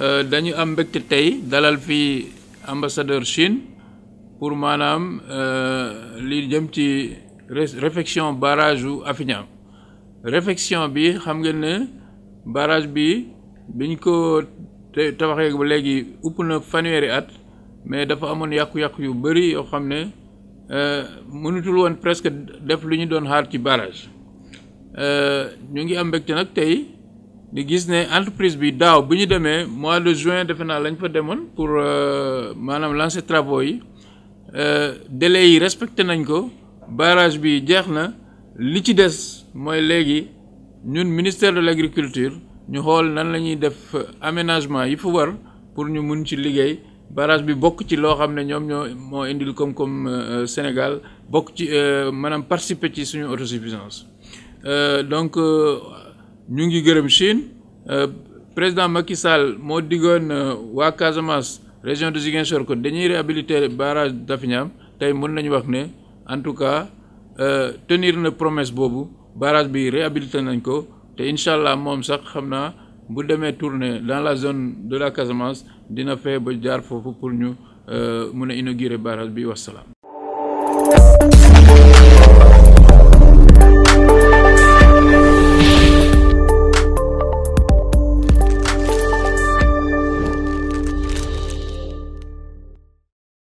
Euh, dañu am mbégte tey dalal fii ambassadeur Chine pour maanaam euh, li jëm ci réfection barrage u Affiniam réfection bi xam ngeen ne barrage bi biñ ko tabaxee ba léegi upp na fanweeri at mais dafa amoon yàqu-yàqu yu bëri yoo xam ne euh, mënutul woon presque def lu ñu doon xaar ci barrage ñu ngi am mbégte nag tey di gis ne entreprise bi daaw bi ñu demee mois de juin defe naa lañ fa demoon pour euh, maanaam lancer travaux yi euh, délai yi respecté nañ ko barrage bi jeex na li ci des mooy léegi ñun ministère de l'agriculture ñu xool nan la ñuy def aménagement yi war pour ñu mun ci liggéey barrage bi bokk ci loo xam ne ñoom ñoo moo indil comme koom euh, Sénégal bokk ci maanaam participer ci suñu autosuffisance euh, donc ñu ngi gërëm Chine euh, président Macky Sall moo diggoon euh, waa Casamance région de Ziguinchor kon dañuy réhabiliter barrage Dafiniam tey mën nañu wax ne en tout cas euh, tenir na promesse boobu barrage bi réhabiliter nañ ko te incha allah moom sax xam naa bu demee tourner dans la zone de la Casamance dina fee ba jaar foofu pour ñu mun a inaugurer barrage bi wasalaam.